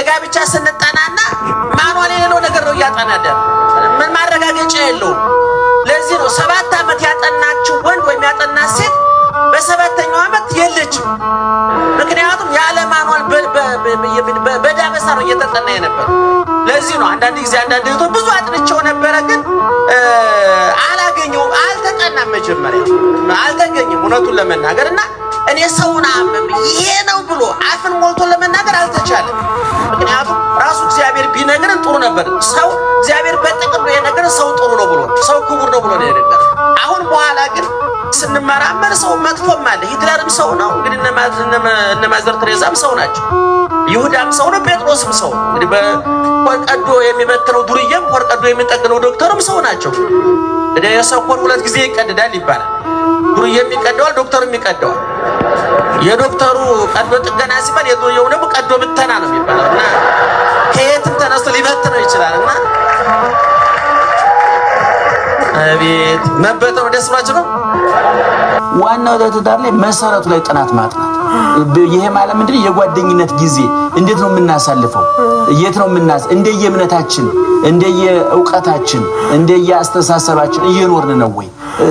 ለጋብቻ ስንጠናና ማኗል የሌለው ነገር ነው እያጠናደ ምን ማረጋገጫ የለውም። ለዚህ ነው ሰባት ዓመት ያጠናችው ወንድ ወይም ያጠናት ሴት በሰባተኛው ዓመት የለችም። ምክንያቱም ያለ ማኗል በዳበሳ ነው እየተጠና የነበር። ለዚህ ነው አንዳንድ ጊዜ አንዳንድ ህቶ ብዙ አጥንቸው ነበረ፣ ግን አላገኘውም። አልተጠናም፣ መጀመሪያ አልተገኘም እውነቱን ለመናገር እና እኔ ሰውን አመም ይሄ ነው ብሎ አፍን ሞልቶ ለመናገር አልተቻለም። ምክንያቱም ራሱ እግዚአብሔር ቢነግርን ጥሩ ነበር። ሰው እግዚአብሔር በጥቅም ነው የነገረን። ሰው ጥሩ ነው ብሎ ሰው ክቡር ነው ብሎ ነው የነገረን። አሁን በኋላ ግን ስንመራመር ሰው መጥፎም አለ። ሂትለርም ሰው ነው እንግዲህ፣ እነ ማዘር ቴሬዛም ሰው ናቸው። ይሁዳም ሰው ነው። ጴጥሮስም ሰው ነው። እንግዲህ በቆርቀዶ የሚበትነው ዱርዬም ቆርቀዶ የሚጠግነው ዶክተርም ሰው ናቸው። የሰኮር ሁለት ጊዜ ይቀድዳል ይባላል። ዱርዬም ይቀደዋል፣ ዶክተሩ ይቀደዋል። የዶክተሩ ቀዶ ጥገና ሲባል የዱርዬው ደግሞ ቀዶ ብተና ነው የሚባለው እና ከየትም ተነስቶ ሊበት ነው ይችላል እና አቤት መበተው ደስ ባች ነው። ዋናው ትዳር ላይ መሰረቱ ላይ ጥናት ማጥናት ይሄ ማለት ምንድነው? የጓደኝነት ጊዜ እንዴት ነው የምናሳልፈው? የት ነው የምናስ እንደየ እምነታችን እንደየ እውቀታችን እንደየ አስተሳሰባችን እየኖርን ነው ወይ?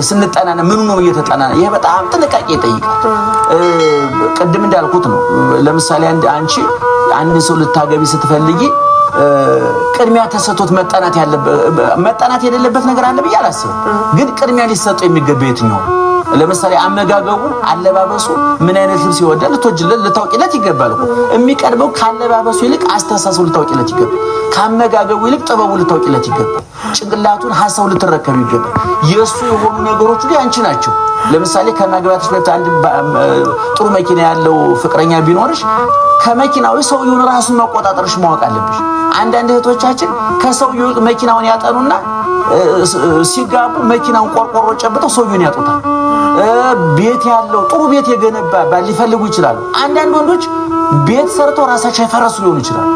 ስንጠናነ ምኑ ነው እየተጠናነ? ይሄ በጣም ጥንቃቄ ይጠይቃል። ቅድም እንዳልኩት ነው። ለምሳሌ አንቺ አንድ ሰው ልታገቢ ስትፈልጊ ቅድሚያ ተሰቶት መጠናት መጠናት የሌለበት ነገር አለ ብዬ አላስብም። ግን ቅድሚያ ሊሰጠው የሚገባ የትኛው? ለምሳሌ አመጋገቡ፣ አለባበሱ፣ ምን አይነት ልብስ ይወዳል ልትወጂለት ልታውቂለት ይገባል። የሚቀድመው ከአለባበሱ ይልቅ አስተሳሰቡ ልታውቂለት ይገባል። ከአመጋገቡ ይልቅ ጥበቡ ልታውቂለት ይገባል። ጭንቅላቱን ሀሳቡ ልትረከብ ይገባል። የእሱ የሆኑ ነገሮች ሁሉ ያንቺ ናቸው። ለምሳሌ ከመግባትሽ በፊት አንድ ጥሩ መኪና ያለው ፍቅረኛ ቢኖርሽ ከመኪናው ሰውየውን ራሱን መቆጣጠርሽ ማወቅ አለብሽ። አንዳንድ እህቶቻችን ከሰውየው መኪናውን ያጠኑና ሲጋቡ መኪናውን ቆርቆሮ ጨብጠው ሰውየውን ያጡታል። ቤት ያለው ጥሩ ቤት የገነባ ሊፈልጉ ይችላሉ። አንዳንድ ወንዶች ቤት ሰርቶ ራሳቸው የፈረሱ ሊሆኑ ይችላል።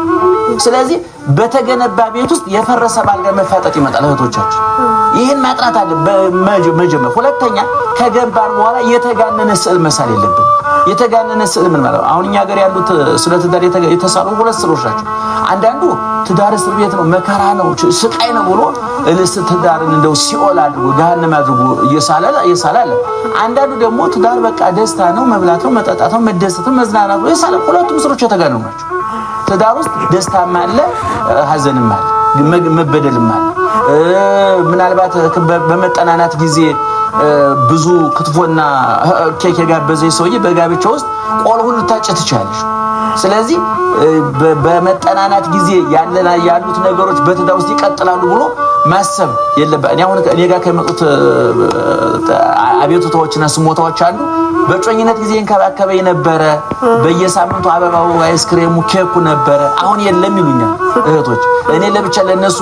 ስለዚህ በተገነባ ቤት ውስጥ የፈረሰ ባል ጋር መፋጠጥ ይመጣል። እህቶቻችን ይህን ማጥናት አለ መጀመር። ሁለተኛ ከገንባን በኋላ የተጋነነ ስዕል መሳል የለብን። የተጋነነ ስዕል ምን ማለት አሁን እኛ ሀገር ያሉት ስለ ትዳር የተሳሉ ሁለት ስዕሎች ናቸው። አንዳንዱ ትዳር እስር ቤት ነው፣ መከራ ነው፣ ስቃይ ነው ብሎ እልስ ትዳርን እንደው ሲኦል አድርጎ ገሃነም አድርጎ እየሳለ እየሳለ አለ። አንዳንዱ ደግሞ ትዳር በቃ ደስታ ነው፣ መብላት ነው፣ መጠጣት ነው፣ መደሰት ነው፣ መዝናናት ነው የሳለ። ሁለቱም ስዕሎች የተጋነኑ ናቸው። ትዳር ውስጥ ደስታም አለ፣ ሀዘንም አለ፣ መበደልም አለ። ምናልባት በመጠናናት ጊዜ ብዙ ክትፎና ኬክ የጋበዘ ሰውዬ በጋብቻ ውስጥ ቆሎውን ልታጭት ትችላለች። ስለዚህ በመጠናናት ጊዜ ያለና ያሉት ነገሮች በትዳር ውስጥ ይቀጥላሉ ብሎ ማሰብ የለበ እኔ አሁን እኔ ጋር ከመጡት አቤቱታዎችና ስሞታዎች አሉ። በጮኝነት ጊዜ እንከባከበ የነበረ በየሳምንቱ አበባው፣ አይስክሬሙ፣ ኬኩ ነበረ። አሁን የለም ይሉኛል እህቶች። እኔ ለብቻ ለእነሱ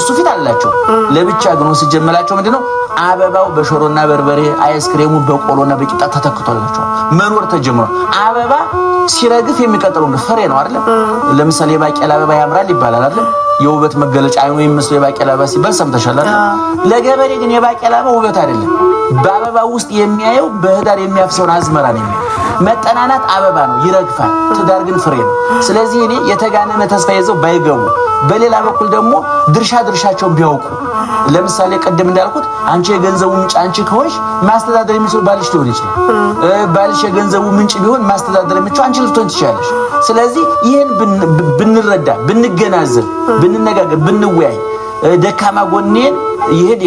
እሱ ፊት አላቸው ለብቻ ግን ሲጀመላቸው ምንድነው አበባው በሽሮና በርበሬ አይስክሬሙ በቆሎና በቂጣ ተተክቶላቸዋል። መኖር ተጀምሯል። አበባ ሲረግፍ የሚቀጥለው ፍሬ ነው አይደል? ለምሳሌ የባቄላ አበባ ያምራል ይባላል አይደል? የውበት መገለጫ አይኑ የሚመስለው የባቄላ አበባ ሲባል ሰምተሻል አይደል? ለገበሬ ግን የባቄላ አበባ ውበት አይደለም። በአበባ ውስጥ የሚያየው በህዳር የሚያፍሰውን አዝመራ ነው። መጠናናት አበባ ነው፣ ይረግፋል። ትዳር ግን ፍሬ ነው። ስለዚህ እኔ የተጋነነ ተስፋ ይዘው ባይገቡ፣ በሌላ በኩል ደግሞ ድርሻ ድርሻቸውን ቢያውቁ፣ ለምሳሌ ቅድም እንዳልኩት አንቺ የገንዘቡ ምንጭ አንቺ ከሆንሽ ማስተዳደር የሚችል ባልሽ ሊሆን ይችላል። ባልሽ የገንዘቡ ምንጭ ቢሆን ማስተዳደር የሚችል አንቺ ልትሆን ትችላለሽ። ስለዚህ ይህን ብንረዳ፣ ብንገናዘብ፣ ብንነጋገር፣ ብንወያይ ደካማ ጎኔን ይሄድ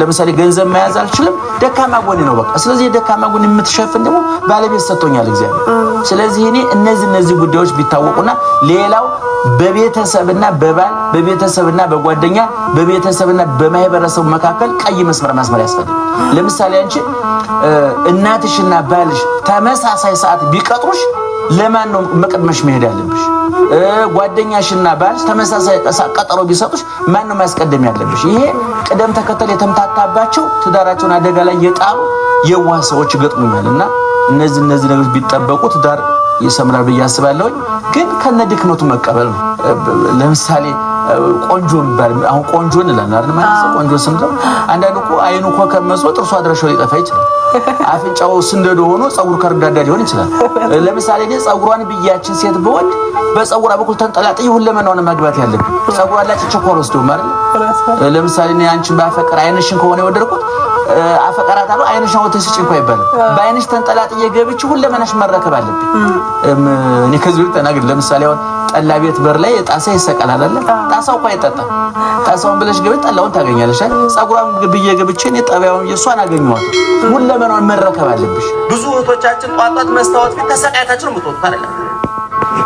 ለምሳሌ ገንዘብ መያዝ አልችልም፣ ደካማ ጎኔ ነው በቃ። ስለዚህ የደካማ ጎኔ የምትሸፍን ደግሞ ባለቤት ሰጥቶኛል እግዚአብሔር። ስለዚህ እኔ እነዚህ እነዚህ ጉዳዮች ቢታወቁና ሌላው በቤተሰብና በባል በቤተሰብና በጓደኛ በቤተሰብና በማህበረሰቡ መካከል ቀይ መስመር ማስመር ያስፈልጋል። ለምሳሌ አንቺ እናትሽና ባልሽ ተመሳሳይ ሰዓት ቢቀጥሩሽ ለማን ነው መቅድመሽ መሄድ ያለብሽ? ጓደኛሽና ባልሽ ተመሳሳይ ቀጠሮ ቢሰጡሽ ማን ነው ማስቀደም ያለብሽ? ይሄ ቅደም ተከተል የተምታታባቸው ትዳራቸውን አደጋ ላይ የጣሉ የዋህ ሰዎች ይገጥሙኛል እና እነዚህ እነዚህ ነገሮች ቢጠበቁ ትዳር ይሰምራል ብዬ አስባለሁኝ። ግን ከነ ድክመቱ መቀበል ነው። ለምሳሌ ቆንጆ የሚባል አሁን ቆንጆ እንላለን አይደል? ማለት ቆንጆ ስንለው ነው። አንዳንድ እኮ አይኑ እኮ ከመስሎ ጥርሱ አድረሻው ሊጠፋ ይችላል። አፍንጫው ስንደዶ ሆኖ ጸጉሩ ከርዳዳ ሊሆን ይችላል። ለምሳሌ እኔ ጸጉሯን ብያችን ሴት በወድ በጸጉሯ በኩል ተንጠላጥ ተንጠላጥዬ ሁለመናውን መግባት ያለብኝ ጸጉሯ ላጭ ቸኮር ወስደው ማለት ለምሳሌ እኔ አንቺን ባፈቅር አይንሽን ከሆነ የወደድኩት አፈቀራት አሉ አይንሽ አውጥተሽ ስጪ እንኳ ይባላል። በአይንሽ ተንጠላጥዬ ገብቼ ሁለመናሽ መረከብ አለብኝ። እኔ ከዚህ ተናግር። ለምሳሌ አሁን ጠላ ቤት በር ላይ ጣሳ ይሰቀላል አይደለ? ጣሳው እንኳ አይጠጣም። ጣሳውን ብለሽ ገብተሽ ጠላውን ታገኛለሽ። ፀጉሯን ብዬ ገብቼ እኔ ጠባዩን የእሷን አገኘዋለሁ። ሁለመናውን መረከብ አለብሽ። ብዙ እህቶቻችን ጧጧት መስታወት ፊት ነው ምትወጡት አይደለም።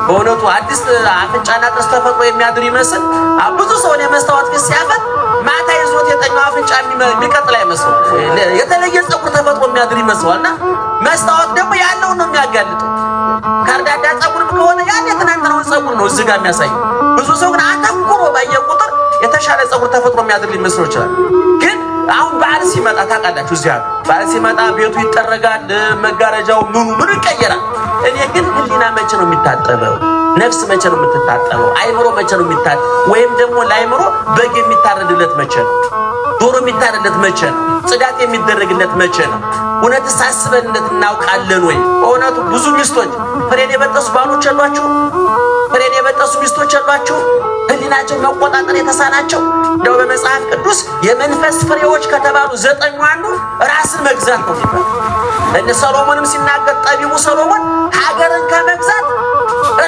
በእውነቱ አዲስ አፍንጫና ጥርስ ተፈጥሮ የሚያድር ይመስል ብዙ ሰውን የመስታወት ፊት ሲያፈት ማታ ይዞት የተኛው አፍንጫ የሚቀጥል አይመስለው የተለየ ፀጉር ተፈጥሮ የሚያድር ይመስለዋልና መስታወት ደግሞ ያለውን ነው የሚያጋልጠው። ከርዳዳ ፀጉርም ከሆነ ያን የትናንትናውን ፀጉር ነው እዚህ ጋር የሚያሳየው። ብዙ ሰው ግን አተኩሮ ባየ ቁጥር የተሻለ ፀጉር ተፈጥሮ የሚያድር ሊመስለው ይችላል ግን አሁን በዓል ሲመጣ ታውቃላችሁ፣ እዚያ በዓል ሲመጣ ቤቱ ይጠረጋል፣ መጋረጃው ምኑ ምኑ ይቀየራል። እኔ ግን ህሊና መቼ ነው የሚታጠበው? ነፍስ መቼ ነው የምትታጠበው? አይምሮ መቼ ነው የሚታ ወይም ደግሞ ለአይምሮ በግ የሚታረድለት መቼ ነው? ዶሮ የሚታረለት መቼ ነው? ጽዳት የሚደረግለት መቼ ነው? እውነት ሳስበንለት እናውቃለን ወይ? በእውነቱ ብዙ ሚስቶች ፍሬን የበጠሱ ባሎች አሏችሁ? ፍሬን የበጠሱ ሚስቶች አሏችሁ? ህሊናቸው መቆጣጠር የተሳናቸው እንደው በመጽሐፍ ቅዱስ የመንፈስ ፍሬዎች ከተባሉ ዘጠኙ አንዱ ራስን መግዛት ነው ሲባል እነ ሰሎሞንም ሲናገር ጠቢቡ ሰሎሞን ሀገርን ከመግዛት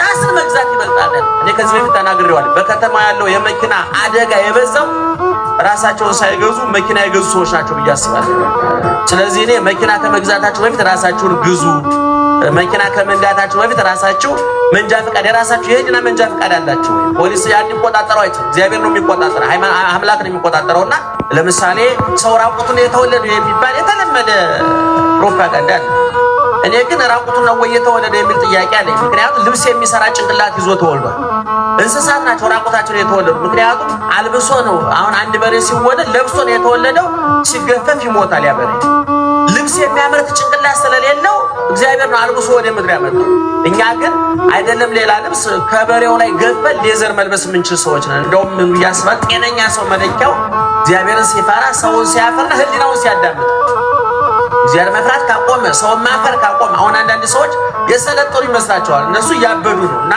ራስን መግዛት ይበልጣለን። እኔ ከዚህ በፊት ተናግሬዋለሁ። በከተማ ያለው የመኪና አደጋ የበዛው ራሳቸውን ሳይገዙ መኪና የገዙ ሰዎች ናቸው ብዬ አስባለሁ። ስለዚህ እኔ መኪና ከመግዛታቸው በፊት ራሳቸውን ግዙ። መኪና ከመንዳታቸው በፊት ራሳቸው መንጃ ፈቃድ የራሳቸው የህግና መንጃ ፈቃድ አላቸው። ፖሊስ ያን የሚቆጣጠረው አይተ እግዚአብሔር ነው የሚቆጣጠረው፣ አምላክ ነው የሚቆጣጠረው። እና ለምሳሌ ሰው ራቁቱን የተወለዱ የሚባል የተለመደ ፕሮፓጋንዳ ነው። እኔ ግን ራቁቱን ነው ወይ የተወለደ የሚል ጥያቄ አለኝ። ምክንያቱም ልብስ የሚሰራ ጭንቅላት ይዞ ተወልዷል። እንስሳት ናቸው ራቁታቸውን የተወለዱ። ምክንያቱም አልብሶ ነው። አሁን አንድ በሬ ሲወለድ ለብሶ ነው የተወለደው። ሲገፈፍ ይሞታል ያ በሬ። ልብስ የሚያመርት ጭንቅላት ስለሌለው እግዚአብሔር ነው አልብሶ ወደ ምድር ያመጣው። እኛ ግን አይደለም ሌላ ልብስ ከበሬው ላይ ገፈል ሌዘር መልበስ የምንችል ሰዎች ነን። እንደውም እያስባል ጤነኛ ሰው መለኪያው እግዚአብሔርን ሲፈራ ሰውን ሲያፈራ ህሊናውን ሲያዳምጥ እግዚአብሔር መፍራት ካቆመ፣ ሰውን ማፈር ካቆመ፣ አሁን አንዳንድ ሰዎች የሰለጠኑ ይመስላቸዋል። እነሱ እያበዱ ነው። እና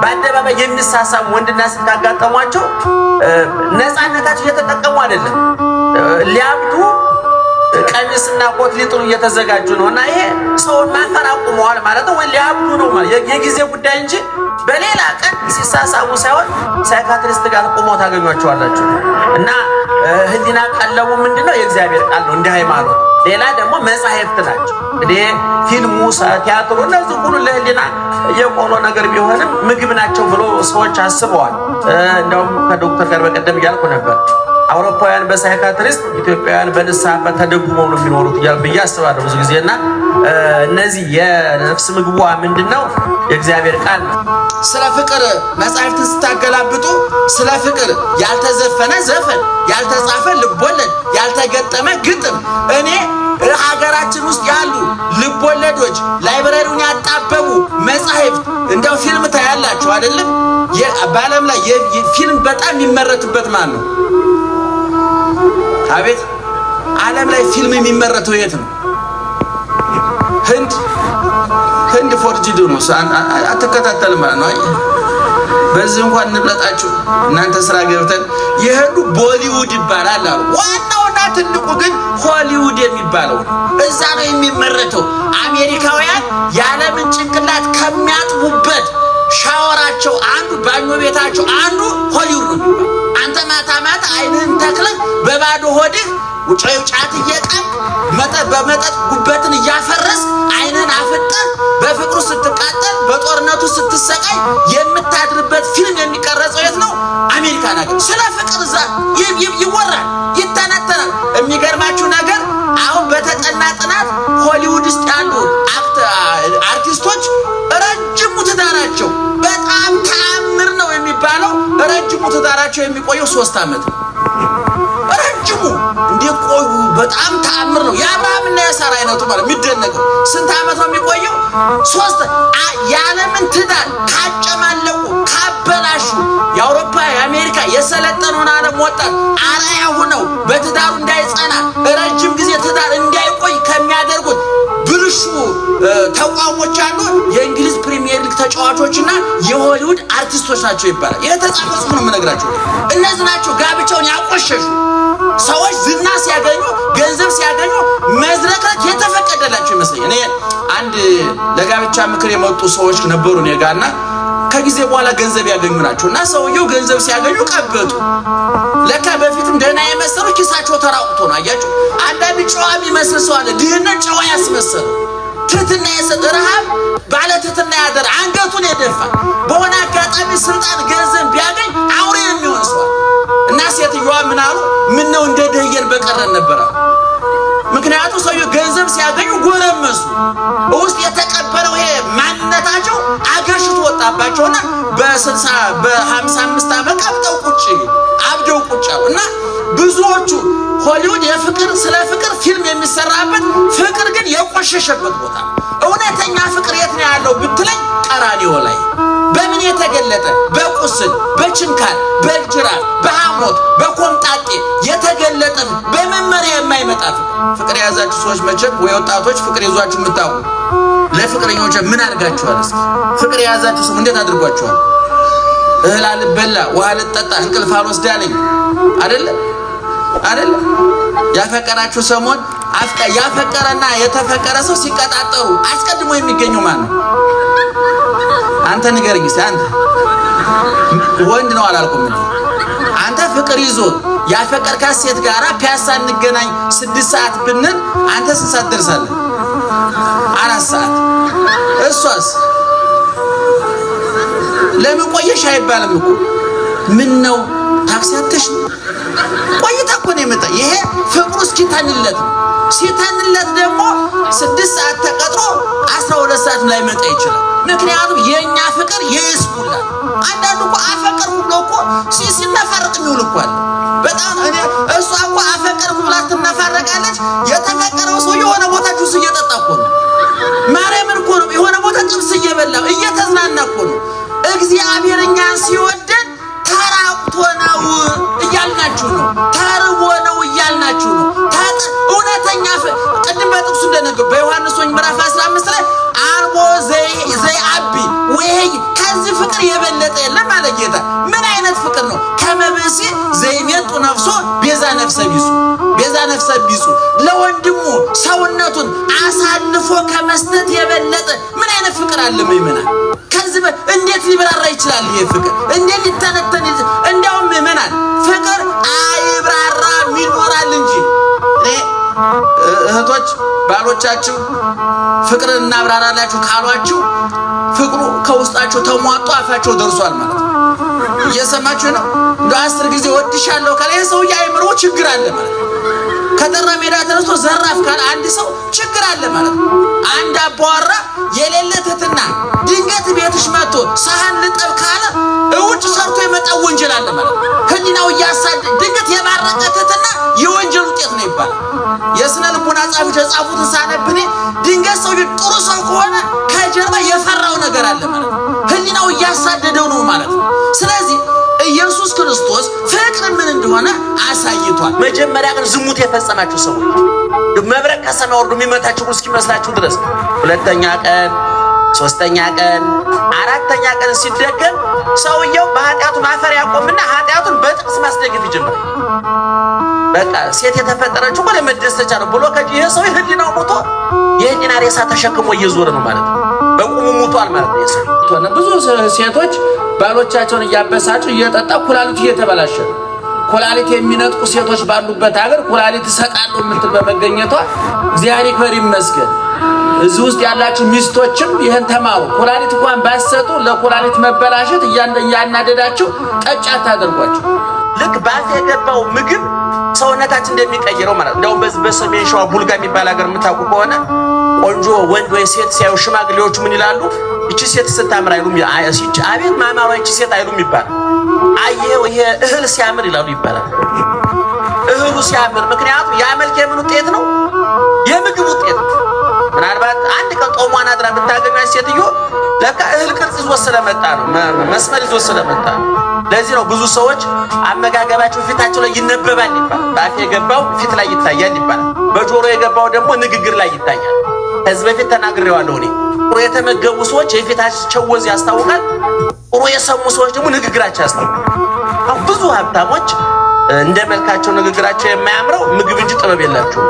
በአደባባይ የሚሳሳም ወንድና ሴት ካጋጠሟቸው ነፃነታቸው እየተጠቀሙ አይደለም፣ ሊያብዱ ቀሚስና ኮት ሊጥሩ እየተዘጋጁ ነው። እና ይሄ ሰውን ማፈር አቁመዋል ማለት ነው፣ ወይ ሊያብዱ ነው ማለት የጊዜ ጉዳይ እንጂ በሌላ ቀን ሲሳሳሙ ሳይሆን ሳይካትሪስት ጋር ቁመው ታገኟቸዋላችሁ። እና ህሊና ቀለቡ ምንድነው? የእግዚአብሔር ቃል ነው እንደ ሃይማኖት ሌላ ደግሞ መጻሕፍት ናቸው። እንግዲህ ፊልሙ፣ ቲያትሩ እነዚህ ሁሉ ለህሊና የቆሎ ነገር ቢሆንም ምግብ ናቸው ብሎ ሰዎች አስበዋል። እንደውም ከዶክተር ጋር በቀደም እያልኩ ነበር አውሮፓውያን በሳይካትሪስት ኢትዮጵያውያን በንስሐ አባት ተደጉመው ነው የሚኖሩት እያል ብዬ አስባለሁ ብዙ ጊዜ እና እነዚህ የነፍስ ምግቧ ምንድን ነው? የእግዚአብሔር ቃል ነው። ስለ ፍቅር መጽሐፍትን ስታገላብጡ ስለ ፍቅር ያልተዘፈነ ዘፈን፣ ያልተጻፈ ልቦለድ፣ ያልተገጠመ ግጥም እኔ ሀገራችን ውስጥ ያሉ ልቦለዶች ላይብረሪውን ያጣበቡ መጽሐፍት እንደው ፊልም ታያላችሁ አይደለም? በዓለም ላይ ፊልም በጣም የሚመረትበት ማን ነው? አቤት ዓለም ላይ ፊልም የሚመረተው የት ነው? ህንድ ህንድ ፎርጅድ ነው። አትከታተልም ማለት ነው። በዚህ እንኳን እንብለጣችሁ እናንተ ስራ ገብተን የህንዱ ቦሊውድ ይባላል አሉ። ዋናውና ትልቁ ግን ሆሊውድ የሚባለው እዛ ነው የሚመረተው። አሜሪካውያን የዓለምን ጭንቅላት ከሚያጥቡበት ሻወራቸው አንዱ ባኞ ቤታቸው አንዱ ሆሊውድ ነው። ማታ ማታ አይንህን ተክለህ በባዶ ሆድህ ጫት እየቃም በመጠጥ ጉበትን እያፈረስ አይንህን አፍጠህ በፍቅሩ ስትቃጠል በጦርነቱ ስትሰቃይ የምታድርበት ፊልም የሚቀረጸው የት ነው? አሜሪካ ነገር። ስለ ፍቅር እዛ ይወራል፣ ይተነተናል። የሚገርማችሁ ነገር አሁን በተጠና ጥናት ሆሊውድ ውስጥ ያሉ አርቲስቶች ትዳራቸው የሚቆየው ሶስት ዓመት ነው። ረጅሙ እንዴት ቆዩ? በጣም ተአምር ነው። የአብርሃምና የሳራ አይነቱ ማለት የሚደነቀው ስንት ዓመት ነው የሚቆየው? ሶስት የዓለምን ትዳር ካጨማለቁ ካበላሹ የአውሮፓ የአሜሪካ የሰለጠነውን ዓለም ወጣት አርአያ ሆነው በትዳሩ እንዳይጸና ረጅም ጊዜ ትዳር እንዳይቆይ ከሚያደርጉት ብልሹ ተቋሞች አሉ። የእንግሊዝ ፕሪሚየር ሊግ ተጫዋቾችና የሆሊውድ አርቲስቶች ናቸው ይባላል። የተጻፈ ጽሑፍ ነው የምነግራቸው። እነዚህ ናቸው ጋብቻውን ያቆሸሹ ሰዎች። ዝና ሲያገኙ፣ ገንዘብ ሲያገኙ መዝረክረክ የተፈቀደላቸው ይመስለኛል። እኔ አንድ ለጋብቻ ምክር የመጡ ሰዎች ነበሩ እኔ ጋር እና ከጊዜ በኋላ ገንዘብ ያገኙ ናቸው። እና ሰውየው ገንዘብ ሲያገኙ ቀበጡ። ለካ በፊትም ደህና የመሰሉ ኪሳቸው ተራቁቶ ነው። አያቸው አንዳንድ ጨዋ የሚመስል ሰው አለ። ድህነት ጨዋ ያስመሰሉ ትህትና የሰጠ ረሃብ ባለ ትህትና ያደር አንገቱን የደፋ በሆነ አጋጣሚ ስልጣን፣ ገንዘብ ቢያገኝ አውሬ የሚሆን ሰው እና ሴትዮዋ ምን አሉ? ምን ነው እንደ ደህየን በቀረን ነበረ። ምክንያቱም ሰውየው ገንዘብ ሲያገኙ ጎረመሱ ውስጥ የተቀ የመጣባቸውና በስልሳ በሀምሳ አምስት ዓመት ቁጭ አብደው ቁጭ እና ብዙዎቹ ሆሊውድ የፍቅር ስለ ፍቅር ፊልም የሚሰራበት ፍቅር ግን የቆሸሸበት ቦታ እውነተኛ ፍቅር የት ነው ያለው ብትለኝ ቀራኒዮ ላይ በምን የተገለጠ በቁስል በችንካር በእጅራት በሐሞት በኮምጣጤ የተገለጠ በመመሪያ የማይመጣ ፍቅር የያዛችሁ ሰዎች መቼም ወይ ወጣቶች ፍቅር ይዟችሁ የምታውቁ ለፍቅረኞች ምን አድርጋችኋል? እስኪ ፍቅር የያዛችሁ ሰው እንዴት አድርጓችኋል? እህል አልበላ፣ ውሃ አልጠጣ፣ እንቅልፍ አልወስድ አለኝ አይደለ አይደለ? ያፈቀራችሁ ሰሞን አፍቀ ያፈቀረና የተፈቀረ ሰው ሲቀጣጠሩ አስቀድሞ የሚገኘው ማን ነው? አንተ ንገረኝ እስኪ አንተ ወንድ ነው አላልኩም። አንተ ፍቅር ይዞ ያፈቀርካት ሴት ጋራ ፒያሳ እንገናኝ ስድስት ሰዓት ብንል አንተ ስንት ሰዓት ደርሳለህ? አራት ሰዓት። እሷስ ለምን ቆየሽ አይባልም እኮ ምን ነው ታክሲ አትሽ ቆይታ እኮ ነው የመጣ። ይሄ ፍቅሩ እስኪታንለት ሲታንለት ደግሞ ስድስት ሰዓት ተቀጥሮ አስራ ሁለት ሰዓት ላይ መጣ ይችላል። ምክንያቱም የእኛ ፍቅር የይስሙላል። አንዳንዱ እኮ አፈቅር ብሎ እኮ ሲነፈርቅ የሚውል እኮ አለ። በጣም እኔ እሷ እኮ አፈቅር ብላ ትነፈረቃለች። የተፈቀረው ሰው የሆነ ቦታ ጁስ እየጠጣ እኮ ነው። ማርያምን እኮ ነው የሆነ ቦታ ጥብስ እየበላ እየተዝናና እኮ ነው። እግዚአብሔር እኛን ሲወደን ተራቁቶ ነው እያልናችሁ ነው። ተርቦ ነው እያልናችሁ ነው። እውነተኛ ቅድም በጥቅሱ እንደነገሩ በዮሐንስ ወኝ ምዕራፍ የበለጠ የለም አለ ጌታ። ምን አይነት ፍቅር ነው! ከመበሲ ዘይቤንጡ ነፍሶ ቤዛ ነፍሰ ቢሱ ቤዛ ነፍሰ ቢሱ ለወንድሙ ሰውነቱን አሳልፎ ከመስጠት የበለጠ ምን አይነት ፍቅር አለ ምእመናን? ከዚህ እንዴት ሊብራራ ይችላል? ይሄ ፍቅር እንዴት ሊተነተን? እንዲያውም ምእመናን ፍቅር አይብራራም ይኖራል እንጂ እህቶች ባሎቻችሁ ፍቅርን እናብራራላችሁ ካሏችሁ ፍቅሩ ከውስጣችሁ ተሟጦ አፋቸው ደርሷል ማለት ነው። እየሰማችሁ ነው። እንደ አስር ጊዜ ወድሻለሁ ካለ ይህ ሰውዬ አይምሮ ችግር አለ ማለት ነው። ከተራ ሜዳ ተነስቶ ዘራፍ ካለ አንድ ሰው ችግር አለ ማለት ነው። አንድ አባዋራ የሌለ ድንገት ቤትሽ መጥቶ ሳህን ልጠብ ካለ እውጭ ሰርቶ የመጣ ወንጀል አለ ማለት ነው። ህሊናው እያሳደ ድንገት የባረቀ የወንጀል ውጤት ነው ይባላል። የስነ ልቦና ጻፊዎች የጻፉትን ሳነብ ድንገት ሰው ጥሩ ሰው ከሆነ ከጀርባ የፈራው ነገር አለ ማለት ነው። ህሊናው እያሳደደው ነው ማለት ነው። ስለዚህ ኢየሱስ ክርስቶስ ጥቅም ምን እንደሆነ አሳይቷል። መጀመሪያ ግን ዝሙት የፈጸማችሁ ሰዎች መብረቅ ከሰማይ ወርዶ የሚመታችሁ እስኪመስላችሁ ድረስ ሁለተኛ ቀን ሶስተኛ ቀን አራተኛ ቀን ሲደገም ሰውየው በኃጢአቱ ማፈር ያቆምና ኃጢአቱን በጥቅስ ማስደገፍ ይጀምራል። በቃ ሴት የተፈጠረችው እኮ ለመደሰቻ ነው ብሎ ከዚህ ይሄ ሰው ይህን ነው ሞቶ የህሊና ሬሳ ተሸክሞ እየዞረ ነው ማለት ነው። በቁሙ ሙቷል ማለት ነው። የሰው ብዙ ሴቶች ባሎቻቸውን እያበሳጩ እየጠጣ ኩላሊቱ እየተበላሸ ነው። ኩላሊት የሚነጥቁ ሴቶች ባሉበት ሀገር ኩላሊት ይሰጣሉ የምትል በመገኘቷ እግዚአብሔር ይመስገን። እዚህ ውስጥ ያላችሁ ሚስቶችም ይህን ተማሩ። ኩላሊት እንኳን ባሰጡ ለኩላሊት መበላሸት እያናደዳችሁ ጠጭ አታደርጓቸው። ልክ ባፍ የገባው ምግብ ሰውነታችን እንደሚቀይረው ማለት እንደውም በሰሜን ሸዋ ቡልጋ የሚባል ሀገር የምታውቁ ከሆነ ቆንጆ ወንድ ወይ ሴት ሲያዩ ሽማግሌዎች ምን ይላሉ? እቺ ሴት ስታምር አይሉም። አቤት ማማሯ እቺ ሴት አይሉም ይባል። አየው ይሄ እህል ሲያምር ይላሉ ይባላል። እህሉ ሲያምር ምክንያቱም ያ መልክ የምን ውጤት ነው? የምግብ ውጤት ነው። ምናልባት አንድ ቀን ጦሟን አድራ ብታገኛች ሴትዮ ለካ እህል ቅርጽ ይዞ ስለመጣ ነው፣ መስመር ይዞ ስለመጣ ነው። ለዚህ ነው ብዙ ሰዎች አመጋገባቸው ፊታቸው ላይ ይነበባል ይባላል። በአፍ የገባው ፊት ላይ ይታያል ይባላል። በጆሮ የገባው ደግሞ ንግግር ላይ ይታያል። ከዚህ በፊት ተናግሬዋለሁ እኔ ጥሩ የተመገቡ ሰዎች የፊታቸው ወዝ ያስታውቃል። ጥሩ የሰሙ ሰዎች ደግሞ ንግግራቸው ያስታውቃል። ብዙ ሀብታሞች እንደ መልካቸው ንግግራቸው የማያምረው ምግብ እንጂ ጥበብ የላቸው።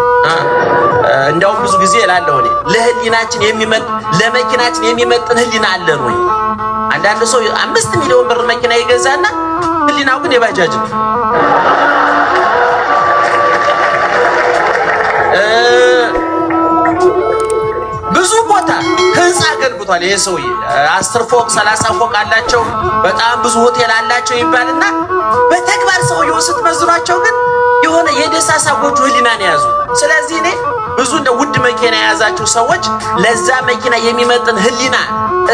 እንደውም ብዙ ጊዜ እላለሁ እኔ ለህሊናችን የሚመጥ ለመኪናችን የሚመጥን ህሊና አለን ወይ? አንዳንድ ሰው አምስት ሚሊዮን ብር መኪና ይገዛና ህሊናው ግን የባጃጅ ነው። ብዙ ቦታ ህንፃ ገንብቷል ይሄ ሰውዬ። አስር ፎቅ ሰላሳ ፎቅ አላቸው፣ በጣም ብዙ ሆቴል አላቸው ይባልና በተግባር ሰውየው ስትመዝኗቸው ግን የሆነ የደሳሳ ጎጆ ህሊናን የያዙ ስለዚህ እኔ ብዙ እንደ ውድ መኪና የያዛችሁ ሰዎች ለዛ መኪና የሚመጥን ህሊና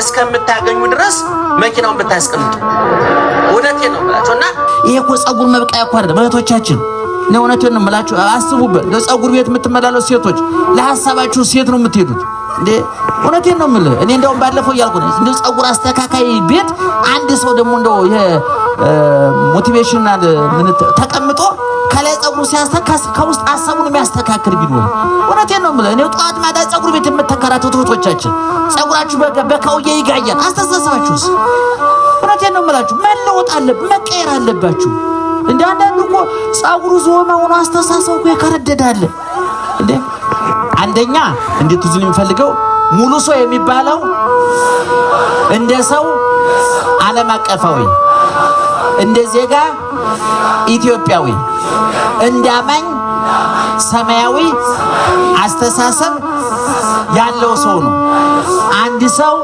እስከምታገኙ ድረስ መኪናውን ብታስቀምጡ እውነቴን ነው የምላቸው እና ይሄ እኮ ጸጉር መብቃ እኮ አይደለም እህቶቻችን ለእውነቴን ነው የምላችሁ። አስቡበት። ለጸጉር ቤት የምትመላለሱ ሴቶች ለሀሳባችሁ ሴት ነው የምትሄዱት። እንዴ እውነቴን ነው የምልህ። እኔ እንደውም ባለፈው እያልኩ ነው እንደ ጸጉር አስተካካይ ቤት አንድ ሰው ደግሞ እንደው ይሄ ሞቲቬሽናል ምን ተቀምጦ ከላይ ጸጉሩ ሲያስተካ ከውስጥ ሀሳቡን የሚያስተካክል ቢሆን እውነቴን ነው የምልህ። እኔ ጠዋት ማታ ጸጉር ቤት የምትከራተቱ እህቶቻችን ጸጉራችሁ በካውዬ ይጋያል። አስተሳሰባችሁስ? እውነቴን ነው የምላችሁ መለወጥ አለብህ፣ መቀየር አለባችሁ። እንደ አንዳንዱ እኮ ጸጉሩ ዞማ ሆኖ አስተሳሰቡ እኮ የከረደዳለ እንዴ አንደኛ እንዴት ብዙ የሚፈልገው ሙሉ ሰው የሚባለው እንደ ሰው ዓለም አቀፋዊ፣ እንደ ዜጋ ኢትዮጵያዊ፣ እንደ አማኝ ሰማያዊ አስተሳሰብ ያለው ሰው ነው። አንድ ሰው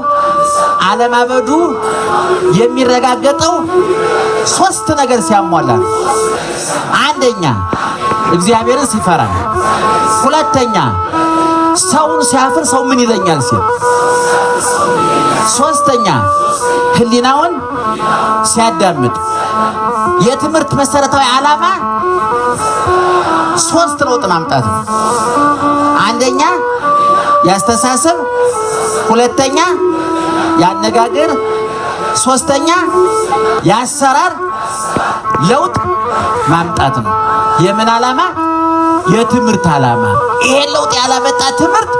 አለማበዱ የሚረጋገጠው ሶስት ነገር ሲያሟላ፣ አንደኛ እግዚአብሔርን ሲፈራ፣ ሁለተኛ ሰውን ሲያፍር ሰው ምን ይለኛል ሲል፣ ሶስተኛ ህሊናውን ሲያዳምጥ የትምህርት መሰረታዊ ዓላማ ሶስት ለውጥ ማምጣት ነው። አንደኛ ያስተሳሰብ፣ ሁለተኛ ያነጋገር፣ ሶስተኛ የአሰራር ለውጥ ማምጣት ነው። የምን ዓላማ የትምህርት ዓላማ ይሄን ለውጥ ያላመጣ ትምህርት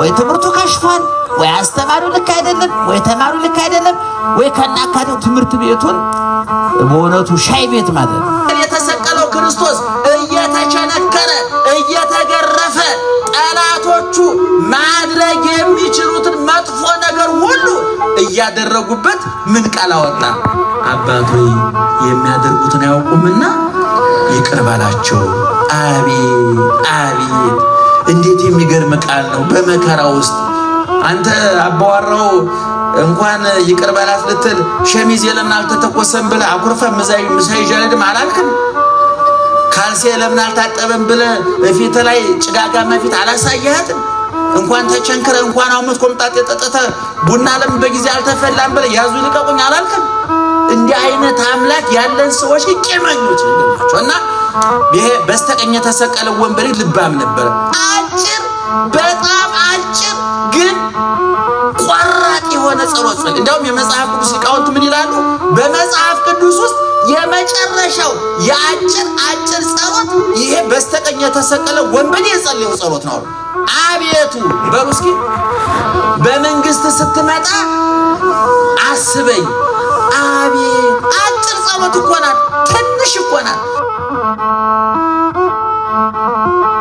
ወይ ትምህርቱ ከሽፏል፣ ወይ አስተማሪው ልክ አይደለም፣ ወይ ተማሪው ልክ አይደለም፣ ወይ ከናካቴው ትምህርት ቤቱን በእውነቱ ሻይ ቤት ማለት ነው። የተሰቀለው ክርስቶስ እየተቸነከረ እየተገረፈ ጠላቶቹ ማድረግ የሚችሉትን መጥፎ ነገር ሁሉ እያደረጉበት ምን ቃል አወጣ? አባት ሆይ የሚያደርጉትን አያውቁምና ይቅር በላቸው። አቤት አቤት! እንዴት የሚገርም ቃል ነው። በመከራ ውስጥ አንተ አባዋራው እንኳን ይቅር በላት ልትል ሸሚዝ የለምን አልተተኮሰም ብለ አኩርፈ ምዛይ ምሳይ ጀለድም አላልክም። ካልሲ ለምን አልታጠበም ብለ በፊት ላይ ጭጋጋማ ፊት አላሳያትም። እንኳን ተቸንክረ እንኳን አመት ኮምጣጤ የጠጠተ ቡና ለምን በጊዜ አልተፈላም ብለ ያዙ ይልቀቁኝ አላልክም። እንዲህ አይነት አምላክ ያለን ሰዎች ቂመኞች ነገርናቸው እና ይሄ በስተቀኝ የተሰቀለው ወንበዴ ልባም ነበር። አጭር በጣም አጭር ግን ቆራጥ የሆነ ጸሎት ጸል እንዲያውም የመጽሐፍ ቅዱስ ሊቃውንት ምን ይላሉ? በመጽሐፍ ቅዱስ ውስጥ የመጨረሻው የአጭር አጭር ጸሎት ይሄ በስተቀኝ የተሰቀለ ወንበዴ የጸለየው ጸሎት ነው። አቤቱ በሉ እስኪ በመንግስት ስትመጣ አስበኝ አቤት ጸሎት እኮ ናት፣ ትንሽ እኮ ናት።